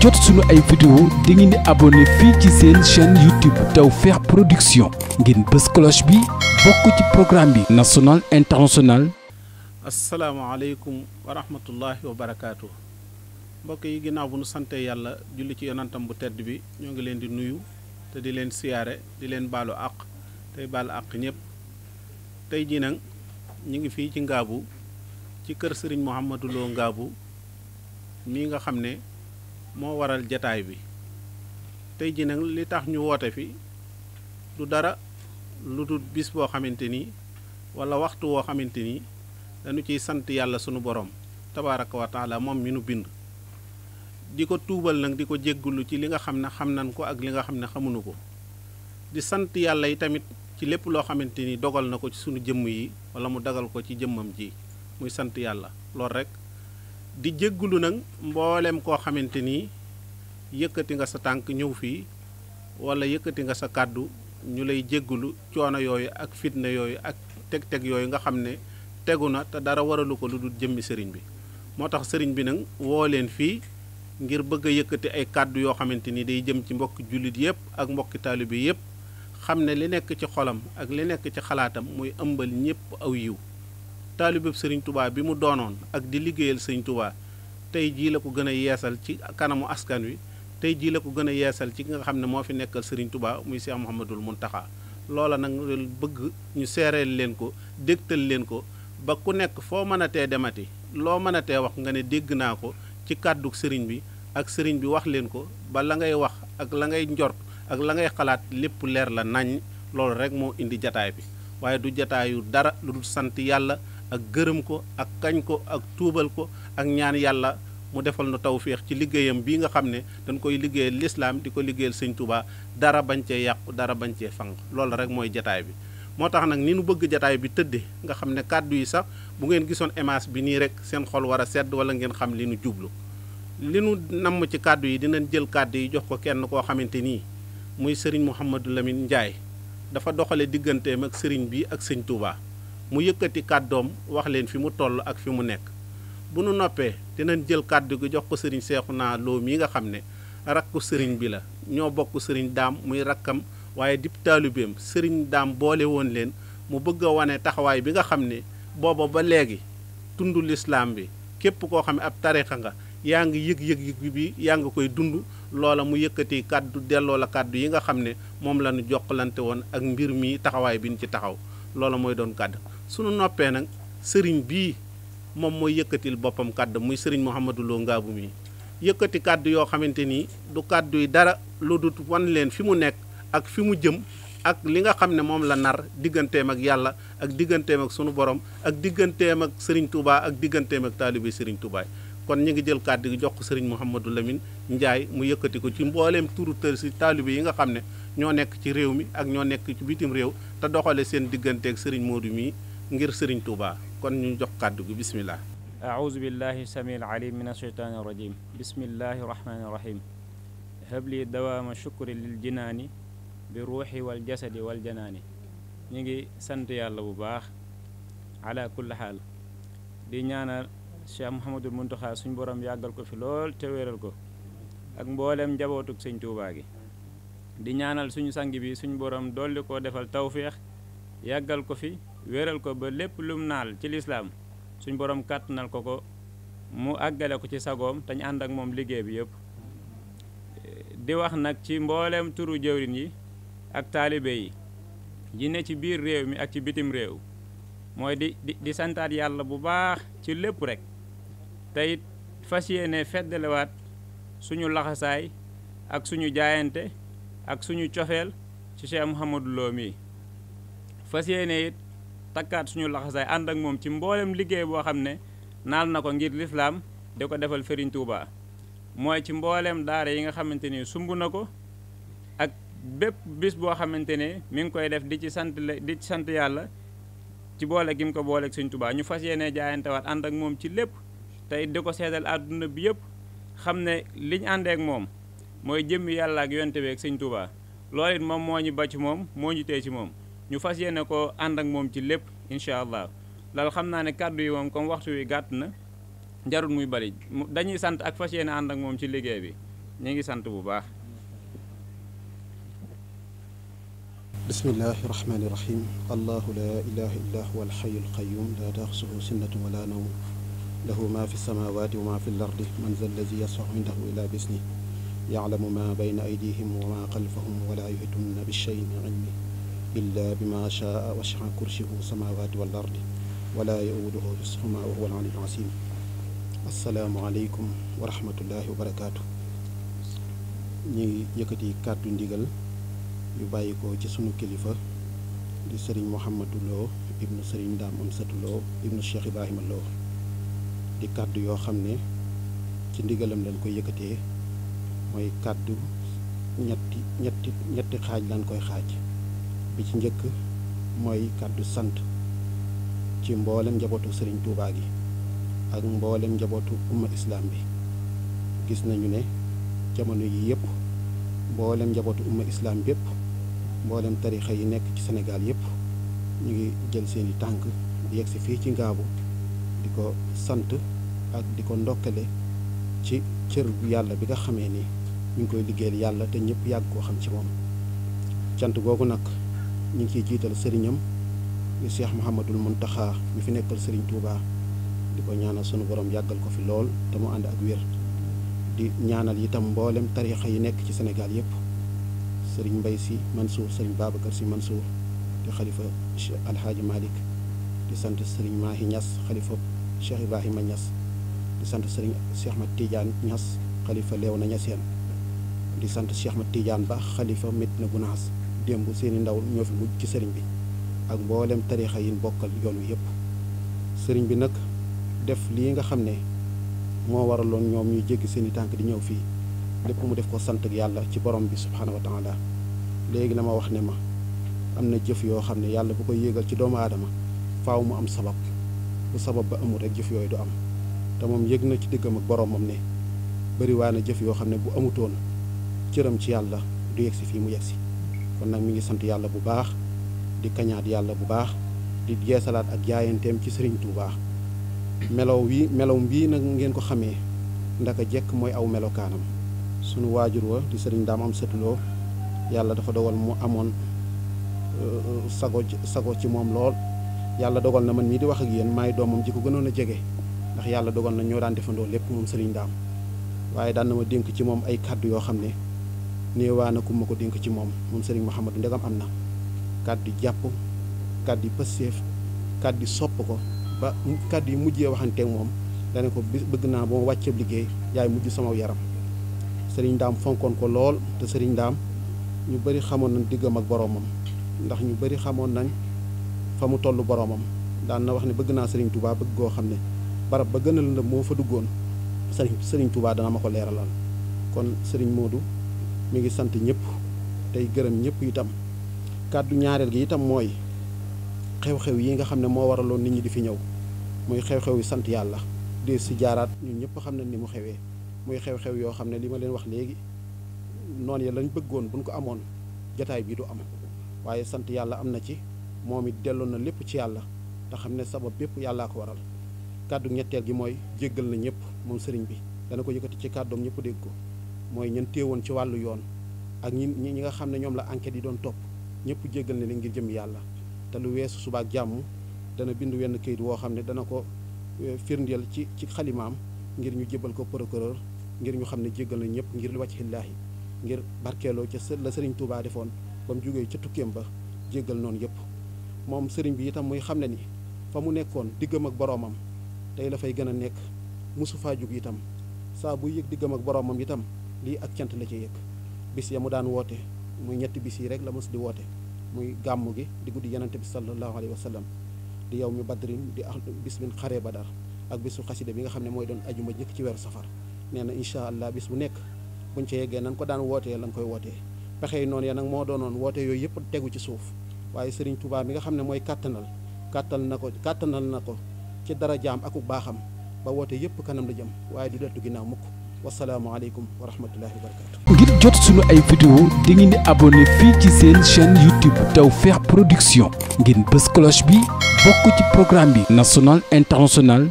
jot suñu ay vidéo da ngeen di abonné fii ci seen chaîne YouTube Tawfekh Production ngeen bës cloche bi bokk ci programme bi national international asalaamaaleykum wa rahmatullahi wa barakaatu mbokk yi ginnaaw bu nu sante yàlla julli ci yonantam bu tedd bi ñoo ngi leen di nuyu te di leen siyaare di leen baalu àq tey baalu àq ñëpp tey jii nag ñu ngi fii ci ngaabu ci kër sëriñ Mouhamadou Lo ngaabu mii nga xam ne moo waral jataay bi tey ji nag li tax ñu woote fi du dara lu dul bis boo xamante ni wala waxtu woo xamante ni dañu ciy sant yàlla sunu borom tabaaraka wa moom mi nu bind di ko tuubal nag di ko jéggulu ci li nga xam ne xam nan ko ak li nga xam ne xamunu ko di sant yàlla yi tamit ci lépp loo xamante ni dogal na ko ci sunu jëmm yi wala mu dagal ko ci jëmmam ji muy sant yàlla loolu rek di jéggulu nag mboolem koo xamante ni yëkkati nga sa tànk ñëw fii wala yëkkati nga sa kàddu ñu lay jéggulu coono yooyu ak fitna yooyu ak teg-teg yooyu nga xam ne tegu na te dara waralu ko lu dul jëmmi sëriñ bi moo tax sëriñ bi nag woo leen fii ngir bëgg a yëkkati ay kàddu yoo xamante ni day jëm ci mbokki jullit yépp ak mbokki taalibe yépp xam ne li nekk ci xolam ak li nekk ci xalaatam muy ëmbal ñépp aw yiw taalibeb sëriñ tubaab bi mu doonoon ak di liggéeyal sëriñ tubaa tey jii la ko gën a yeesal ci kanamu askan wi tey jii la ko gën a yeesal ci ki nga xam ne moo fi nekkal sëriñ tubaa muy Cheikh Mouhamadul Muntaxa loola nag bëgg ñu seereel leen ko dégtal leen ko ba ku nekk foo mën a tee demati loo mën a tee wax nga ne dégg naa ko ci kàddug sëriñ bi ak sëriñ bi wax leen ko ba la ngay wax ak la ngay njort ak la ngay xalaat lépp leer la nañ loolu rek moo indi jataay bi yàlla ak gërëm ko ak kañ ko ak tuubal ko ak ñaan yàlla mu defal nu tawféex ci liggéeyam bii nga xam ne dañ koy liggéeyal lislaam di ko liggéeyal sëñ Touba dara bañ cee yàqu dara bañ cee fànq loolu rek mooy jataay bi moo tax nag ni nu bëgg jataay bi tëddee nga xam ne kàddu yi sax bu ngeen gisoon émence bi nii rek seen xol war a sedd wala ngeen xam li nu jublu li nu namm ci kàddu yi dinañ jël kàddu yi jox ko kenn koo xamante nii muy sëriñ Mouhamadou Lamine Ndiaye dafa doxale digganteem ak sëriñ bi ak sëñ Touba mu yëkkati kàddoom wax leen fi mu toll ak fi mu nekk bu nu noppee dinañ jël kàddu gi jox ko sëriñ Seexuna Lo yi nga xam ne rakku sëriñ bi la ñoo bokk sëriñ daam muy rakkam waaye dib taalibeem sëriñ daam boole woon leen mu bëgg a wane taxawaay bi nga xam ne booba ba léegi tund lislaam bi képp koo xam ne ab tarixa nga yaa ngi yëg-yëg yëg bi yaa ngi koy dund loola mu yëkkati kàddu delloo la kàddu yi nga xam ne moom la ñu woon ak mbir mi taxawaay bi ñu ci taxaw loola mooy doon kàddu sunu noppee nag sëriñ bii moom mooy yëkkatil boppam kàdd muy sëriñ Mouhamadou Lo Ngabou mi yëkkati kàdd yoo xamante ni du kàddu yi dara lu dut wan leen fi mu nekk ak fi mu jëm ak li nga xam ne moom la nar digganteem ak yàlla ak digganteem ak sunu borom ak digganteem ak sëriñ Touba ak digganteem ak taalibe sëriñ Touba kon ñu ngi jël kàdd gi jox ko sëriñ Mouhamadou Lamine Ndiaye mu yëkkati ko ci mbooleem turu tër si taalibe yi nga xam ne ñoo nekk ci réew mi ak ñoo nekk ci bitim réew te doxale seen digganteeg sëriñ Modou mii ngir sëriñ Touba kon ñu jox kàddu gi bisimilah. aawuzu billahi samiil alim min asheytaani rajim bismillahi rahmaani rahim habli dawaama shukri lil jinaani bi ruuxi wal jasadi wal janaani ñu ngi sant yàlla bu baax ala kulli xaal di ñaanal cheikh Mouhamadul Muntaxa suñ borom yàggal ko fi lool te wéeral ko ak mboolem njabootug sëñ Touba gi di ñaanal suñu sang bi suñ borom dolli koo defal tawféex yàggal ko fi. wéral ko ba lépp lum naal ci lislaam suñ borom kàttanal ko ko mu àggale ko ci sagoom te ànd ak moom liggéey bi yëpp di wax nag ci mbooleem turu jëwrin yi ak taalibe yi yi ci biir réew mi ak ci bitim réew mooy di di santaat yàlla bu baax ci lépp rek te fas yéene feddalewaat suñu laxasaay ak suñu jaayante ak suñu cofeel ci Cheikh Mouhamadou Lo mi fas yéene it takkaat suñu laxasaay ànd ak moom ci mbooleem liggéey boo xam ne naal na ko ngir lislaam di ko defal Serigne Touba mooy ci mbooleem daara yi nga xamante ni sumb na ko ak bépp bis boo xamante ne mi ngi koy def di ci sant la di ci sant yàlla ci boole gi mu ko booleeg Serigne Touba ñu fas jaayante jaayantewaat ànd ak moom ci lépp tey di ko seetal àdduna bi yëpp xam ne liñ àndeek moom mooy jëmm yàlla ak yonte beeg Serigne Touba loolu it moom moo ñu ba ci moom moo ñu ci moom ñu fas yéene ko ànd ak moom ci lépp incha allah loolu xam naa ne kàddu yi moom comme waxtu wi gàtt na jarul muy bari dañuy sant ak fas yéene ànd ak moom ci liggéey bi ñu ngi sant bu baax. bismillahi rahmaani rahim allahu laa ilaha illa huwa alxayu alqayum laa taaxusuhu sinnatu wala nawm lahu ma fi samawati wa ma fi lardi man za allazi yasfahu indahu ila bisni yalamu ma bayna aydihim wa ma xalfahum wala yuhituna bishayin min ilmi illaa bi ma shaa wa shaa kursiyu samaawaati wal ardi wala yauduhu wa huwa al aliyyul aziim assalaamu aleykum wa wa barakaatu ñu ngi kàddu ndigal yu bàyyi ko ci sunu kilifa di sëriñ Mouhamadou Lo ibnu sëriñ Ndaam Amsatu Lo ibnu Cheikh Ibrahima Lo di kàddu yoo xam ne ci ndigalam lañ koy yëkkatee mooy kàddu ñetti ñetti xaaj lañ koy xaaj bi ci njëkk mooy kàddu sant ci mboolem njabootu sëriñ Tuubaa gi ak mboolem njabootu umma islam bi gis nañu ne jamono yi yëpp mboolem njabootu umma islam yëpp mboolem tarixa yi nekk ci Sénégal yëpp ñu ngi jël seeni tànk di yegg si fii ci ngaabu di ko sant ak di ko ndokkale ci cër yàlla bi nga xamee ni ñu ngi koy liggéeyal yàlla te ñëpp yàgg koo xam ci moom cant googu nag ñu ngi ciy jiital sëriñam di Cheikh mun Mountakha mi fi nekkal sëriñ Touba di ko ñaanal sunu borom yàggal ko fi lool te mu ànd ak wér di ñaanal itam mboolem tarixa yi nekk ci Sénégal yépp sëriñ Mbay si Mansour sëriñ Babacar si Mansour di xalifa Cheikh Alhaaji Malick di sant sëriñ Mahi Niass xalifa Cheikh Ibrahima Niass di sant sëriñ Cheikh Mat tiijaan ñas xalifa Léona Niassène di sant Cheikh Mat Tidiane Ba xalifa Medina Gounass démb seeni ndaw ñoo fi mujj ci sëriñ bi ak mboolem tariixa yin bokkal yoon wi yëpp sëriñ bi nag def lii nga xam ne moo waraloon ñoom ñuy jéggi seeni tànk di ñëw fii lépp mu def ko sant ak yàlla ci borom bi subhaanahu wa taala léegi dama wax ne ma am na jëf yoo xam ne yàlla bu koy yéegal ci doomu aadama faw mu am sabab bu sabab ba amul rek jëf yooyu du am te moom yëg na ci diggam ak boromam ne bariwaa na jëf yoo xam ne bu amutoon cëram ci yàlla du yegsi fii mu yegsi kon nag mu ngi sant yàlla bu baax di kañaat yàlla bu baax di jeesalaat ak jaayanteem ci sëriñ Tuubaa melow wi melow bii nag ngeen ko xamee ndaka jekk mooy aw melokaanam sunu waajur wa di sëriñ daam am sëtuloo yàlla dafa dogal mu amoon euh, euh, sago sago ci moom lool yàlla dogal na man mii di wax ak yéen maay doomam ji ko gënoon a jege ndax yàlla dogal na ñoo daan defandoo lépp moom sëriñ daam waaye daan na ma dénk ci moom ay kàddu yoo xam ne néewaa na ku ma ko dénk ci moom moom sëriñ Mouhamadou ndegam am na kàddu jàpp kàddu pëstéef kàddu sopp ko ba kàddu yi mujjee waxanteeg moom dane ko bëgg naa ba ma wàcceeb liggéey yaay mujj sama yaram sëriñ Ndaam fonkoon ko lool te sëriñ Ndaam ñu bëri xamoon nañ diggam ak boroomam ndax ñu bëri xamoon nañ fa mu toll boroomam daan na wax ne bëgg naa sëriñ Touba bëgg goo xam ne barab ba gën a lëndëm moo fa duggoon sëriñ sëriñ Touba dana ma ko leeralal kon sëriñ Modou mi ngi sant ñëpp tey gërëm ñëpp itam kàddu ñaareel gi itam mooy xew-xew yi nga xam ne moo waraloon nit ñi di fi ñëw muy xew-xew yi sant yàlla di si jaaraat ñun ñëpp xam nañ ni mu xewee muy xew-xew yoo xam ne li ma leen wax léegi noon ya lañ bëggoon buñ ko amoon jataay bii du am waaye sant yàlla am na ci moom it delloon na lépp ci yàlla te xam ne sabab bépp yàllaa ko waral kàddu ñetteel gi mooy jéggal na ñëpp moom sëriñ bi dana ko yëkkati ci kàddoom ñëpp dégg ko mooy ñan téewoon ci wàllu yoon ak ñi ñi nga xam ne ñoom la enquête yi doon topp ñëpp jéggal ne li ngir jëm yàlla te lu weesu subaak jàmm dana bind wenn kayit woo xam ne dana ko e, firndeel ci ci xalimaam ngir ñu jébal ko procureur ngir ñu xam ne jéggal nañ ñëpp ngir li wàcc xillaahi ngir barkeeloo ca la sëriñ Touba defoon ba mu jógee ca tukkeem ba jéggal noonu yëpp moom sëriñ bi itam muy xam ne ni fa mu nekkoon diggam ak boroomam tey la fay gën a nekk mosu jóg itam saa buy yëg diggam ak boroomam itam lii ak cant la ci yëg bis ya mu daan woote mu ñetti bis yi rek la mos di woote muy gàmmu gi di guddi yenante bi sallallahu alayhi wa sallam di yow mi badrin di bis min xaree badar ak bisu xasida bi nga xam ne mooy doon ajuma njëkk ci weeru safar nee na incha allah bis bu nekk buñ ca yeggee nan ko daan wootee lan koy wootee pexe yi noonu nag moo doonoon woote yooyu yëpp tegu ci suuf waaye Serigne tubaab bi nga xam ne mooy kàttanal kàttal na ko kàttanal na ko ci dara jaam aku baaxam ba woote yëpp kanam la jëm waaye du deltu ginnaaw mukk wasalaamualeykum wa rahmatullahi wa ngir jot suñu ay vidéo di ngeen di abonné fii ci seen chaîne YouTube Tawfekh Production ngeen bés cloche bi bokk ci programme bi national international